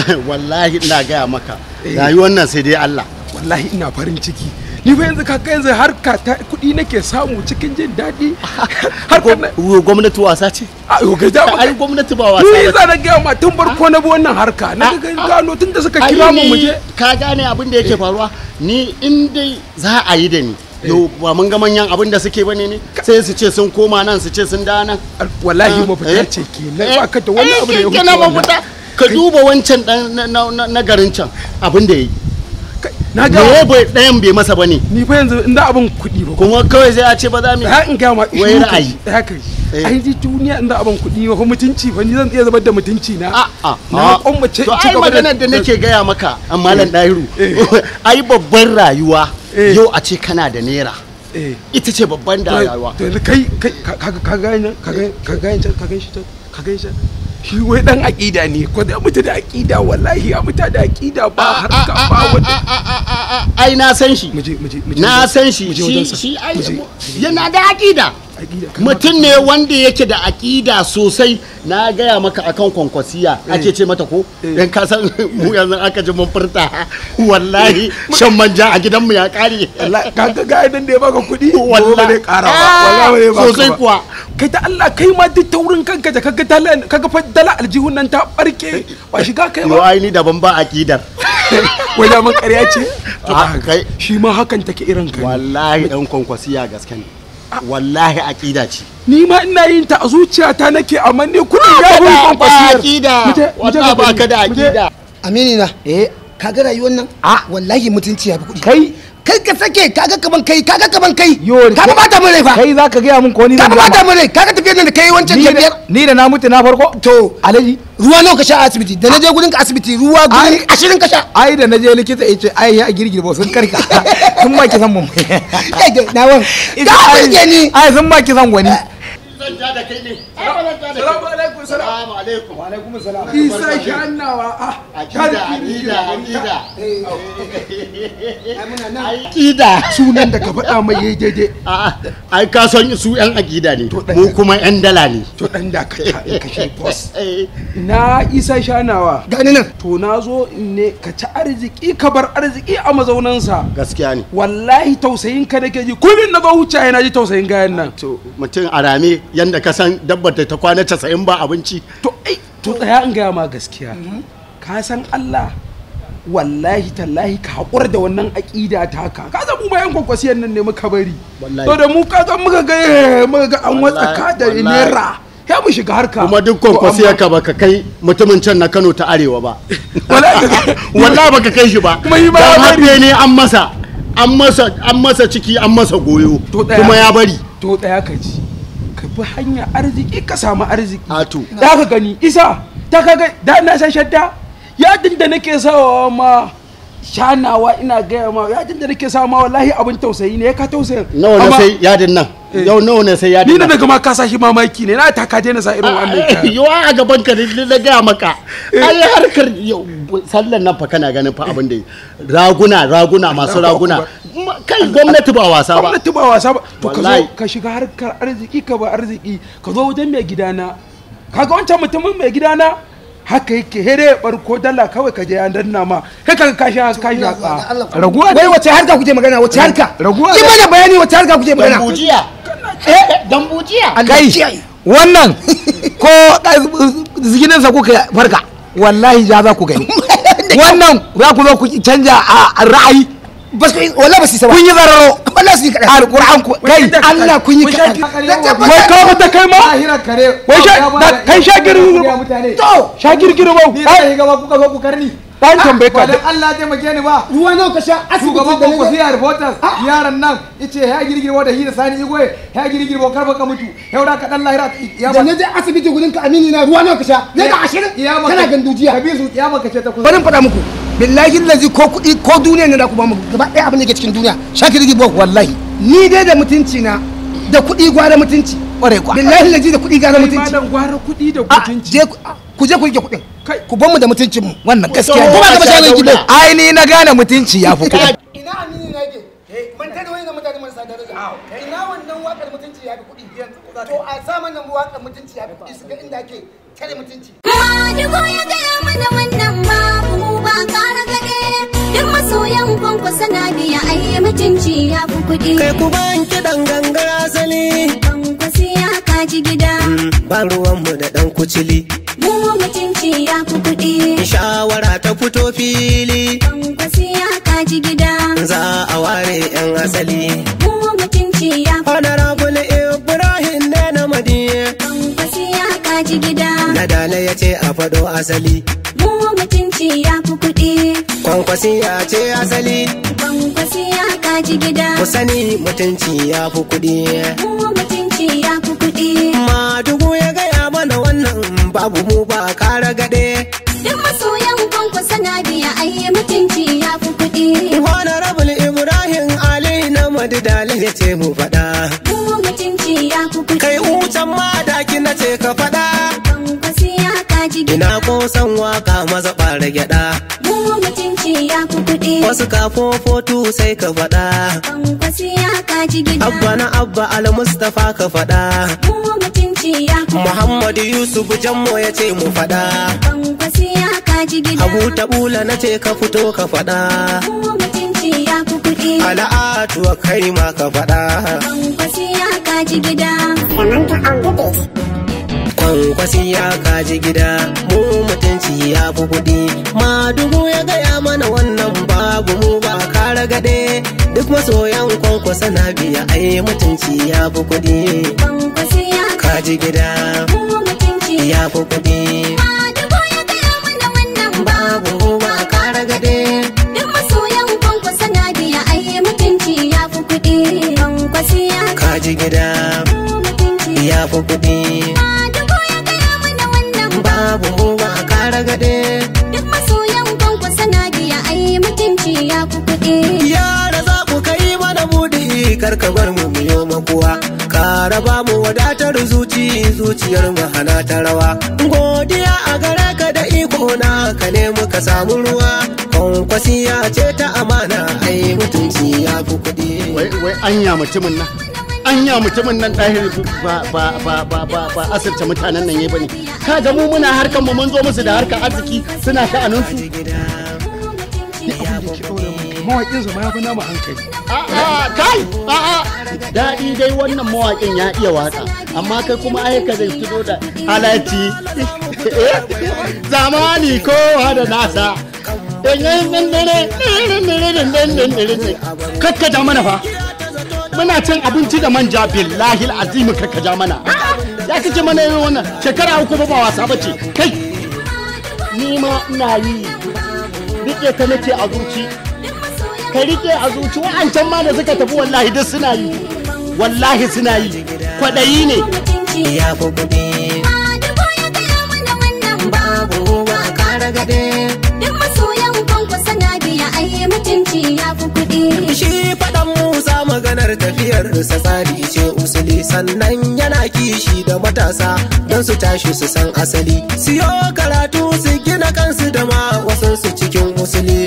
wallahi ina gaya maka eh. rayuwar nan sai dai Allah wallahi ina farin ciki ni fa yanzu kaka yanzu ka ta kuɗi nake samu cikin jin daɗi gwamnati wasa ce ai gwamnati ba wasa ba za na gaya ma tun barko na bi wannan harka na ga gano tun da suka kira mu muje ka gane abin da yake eh. faruwa ni in dai za a yi da ni eh. yau ba mun ga manyan abin da suke bane ne sai su ce sun koma nan su ce sun da nan wallahi ah, fitar ce kenan ba ka da wani abu da ya huce ka duba wancan dan na garin can abin da yayi na ga me bai dayan bai masa bane ni fa yanzu inda abin kudi ba kuma kawai sai a ce ba za mu ha in ga ma wai ra'ayi haka eh. ai ji duniya inda abin kudi ba mutunci ba ni zan iya zubar da mutunci na a a na kwambace to ai maganar da nake gaya maka an eh. Malam dairu eh. ai babban rayuwa yau a ce kana da naira ita ce babban da rayuwa to kai ka ga ka ga ka ga ka ga shi ka ga shi shi wai dan aƙida ne ko da mutu da aƙida wallahi ya mutu da aƙida ba harka ba wata ai na san shi na san shi shi yana da aƙida mutum ne wanda yake da aƙida sosai na gaya maka akan kwankwasiya eh. ake ce mata ko yan eh. kasan mu yanzu aka ji mun furta wallahi eh. shan manja a gidanmu ya kare ka ga ga idan da ya baka kuɗi wallahi ƙara wallahi ba sosai kuwa kai ta Allah kai ma duk taurin kanka da kaga dala kaga fa dala aljihun nan ta barke ba shiga kai ba ai ni daban ba aƙidar wai da mun ƙarya ce ah, kai shi ma hakan take irin kai wallahi dan kwankwasiya gasken wallahi aqida ce ni ma ina yin ta a zuciyata nake amma ne ga ya bun kwankwasiyar aqida ba ka da aqida amini na eh kaga rayuwar nan a ah. wallahi mutunci ya fi kuɗi kai kai ka sake kaga kaman kai kaga kaman kai ba ta mun rai fa kai zaka ga mun ko ni ba ta mun rai kaga tafiya da kai wancan tafiyar ni da na mutu na farko to alaji ruwa nawa ka sha asibiti da naje gurin ka asibiti ruwa gurin ashirin ka sha ai da naje likita yace ai ya girgire ba sun karka sun ma ki san mun ai da nawa da ni ai sun ma ki san gwani zan ja da kai ne salam alaikum wa alaikum salam isa shi annawa ah aqida aqida aqida sunan da ka faɗa mai yayi daidai a ai ka san su yan aqida ne mu kuma yan dala ne to dan da ka ka shi boss na isa shi annawa gani nan to na zo ne ka ci arziki ka bar arziki a mazaunan sa gaskiya ne wallahi tausayin ka nake ji kullun na ba wuce yana ji tausayin ga yan nan to mutum arame yanda ka san dabbar ta kwana 90 ba abin mutunci to ai to tsaya in gaya ma gaskiya mm-hmm. ka san Allah wallahi tallahi ka haƙura da wannan aƙida ta ka ka zan mu bayan kwakwasiyan nan ne muka bari to da mu ka zan muka ga eh, muka ga an watsa ka da naira ya mu shiga harka kuma duk kwakwasiya ka baka kai mutumin can na Kano ta arewa ba wallahi baka kai shi ba kuma yi ba ne an masa an masa an masa ciki an masa goyo kuma ya bari to tsaya ka ji ka bi hanya arziki ka samu arziki ato da ka gani isa ta kaga da na san shadda yadin da nake sawa ma shanawa ina gaya ma yadin da nake sawa ma wallahi abin tausayi ne ya ka tausayi. nawa ne sai ya nan eh. yau nawa ne sai ya nan ni na daga ma ka sashi mamaki ne na ta ka daina sa irin wannan ah, ka yo a gaban ka na gaya maka eh. ai harkar sallan nan fa kana ganin fa abin da raguna raguna masu raguna kai gwamnati ba wasa ba gwamnati ba wasa ba to ka zo ka shiga harkar arziki ka ba arziki ka zo wajen mai gidana kaga wancan mutumin mai gidana haka yake here barko dala kawai ka je ya danna ma kai ka kashi kashi ka raguwa wai wace harka kuke magana wace harka raguwa ki mana bayani wace harka kuke magana dambujiya eh dambujiya kai wannan ko ziginin sa kuka farka wallahi ja za ku gani wannan za ku zo ku canja a ah, ra'ayi Parce que wala ba si wallahi su kadai alquran ku kai Allah kun yi kadai wai mata kai ma wai kai to ba gaba kuka zo ku karni tambaye ka Allah ya taimake ni ba ruwa nawa ka sha asibiti da ku reporters yaran nan yace ya da hira sani igwe ya karba ka mutu ya lahira ya asibiti gudun ka amini na ruwa nawa ka sha ne da kana gandujiya ce ta kusa bari faɗa muku billahi lazi ko kuɗi ko duniya ne da ku ba mu gaba wallahi ni dai da mutunci na da kuɗi gwara mutunci ƙwarai kwa billahi laji da kuɗi gwara mutunci malam gwara kuɗi da ah, mutunci ah, ku je ku rike kuɗin ku bar mu da mutuncin mu wannan gaskiya ko ba ga mutanen gida ai ni na gane mutunci ya fi ina amini na yake eh, ban tada wani mutane marasa daraja ina wannan wakar mutunci ya fi kuɗi to a zamanin mana wakar mutunci ya fi kuɗi su ga inda ake kare mutunci ka dubo ya ga mana wannan sabon ku sana biya yi mutunci ya fi kuɗi. Kai ku ki kiɗan gangar asali. Ban kwasi ya kaji gida. Mm, ba ruwanmu da ɗan kucili. Mu mutunci ya fi kuɗi. Shawara ta fito fili. Ban kwasi ya kaji gida. Za a ware 'yan asali. Mu mutunci ya fi kuɗi. Ibrahim ne na madiye. Ban kwasi ka kaji gida. Nadala ya ce a faɗo asali. Mu mutunci ya fi kuɗi. Kwankwasiya ce asali. Kwankwasiya kaji gida. Ku sani mutunci ya fi kuɗi. ma mutunci ya kuɗi. Madugu ya gaya mana wannan babu mu ba kara gade. Duk masoyan kwankwasa na biya ayi mutunci ya fi kuɗi. Honorable Ibrahim Ali na Madu ya ce mu faɗa. mutunci ya Kai utan ma daki na ce ka faɗa. Ina kosan waka maza ɓara gyaɗa. Mu mutunci ya fi kuɗi. Wasu kafofotu sai ka faɗa. Kwankwasi ya kaji gida. Abba na Abba al-Mustapha ka faɗa. Mu mutunci ya fi Muhammadu Yusuf Jammo ya ce mu faɗa. Kwankwasi ya kaji gida. Abu Taɓula na ce ka fito ka faɗa. Mu mutunci ya fi Ala'atu wa kai ma ka faɗa. Kwankwasi ya kaji gida. kamanta an the kwasi ya kaji gida mu mutunci ya fi kuɗi ma dubu ya gaya mana wannan babu mu ba kara gade duk masoyan kwankwasa na biya ai mutunci ya fi ya kaji gida mu ya fi kar ka bar mu mu yo makuwa ka raba mu wadatar zuci zuciyar mu hana ta rawa godiya a gare ka da iko na ka ne muka samu ruwa ya ce ta amana ai mutunci ya fi kuɗi wai wai anya mutumin nan anya mutumin nan ɗahir ba ba ba ba ba ba asirce mutanen nan yayi bane ka ga mu muna harkan mu mun zo musu da harkan arziki suna sha'anin su ne abin da ke ɗora mawaƙin zama ya fi nama hankali. A'a kai a'a daɗi dai wannan mawaƙin ya iya waƙa amma kai kuma ka zai fito da halatti zamani kowa da nasa. Kakkaja mana fa. Muna cin abinci da manja billahi azimi kakkaja mana. Ya kake mana yin wannan shekara uku ba wasa bace kai. Ni ma ina yi. Rike ta nake a zuci ka rike a zuci wa'ancan ma da suka tafi wallahi duk suna yi wallahi suna yi kwaɗayi ne ya kuɗi gade duk masoyan biya ya fi kuɗi shi faɗan musa maganar tafiyar sa tsari ce usuli sannan yana kishi da matasa don su tashi su san asali siyo karatu su gina kansu da ma wasansu cikin usuli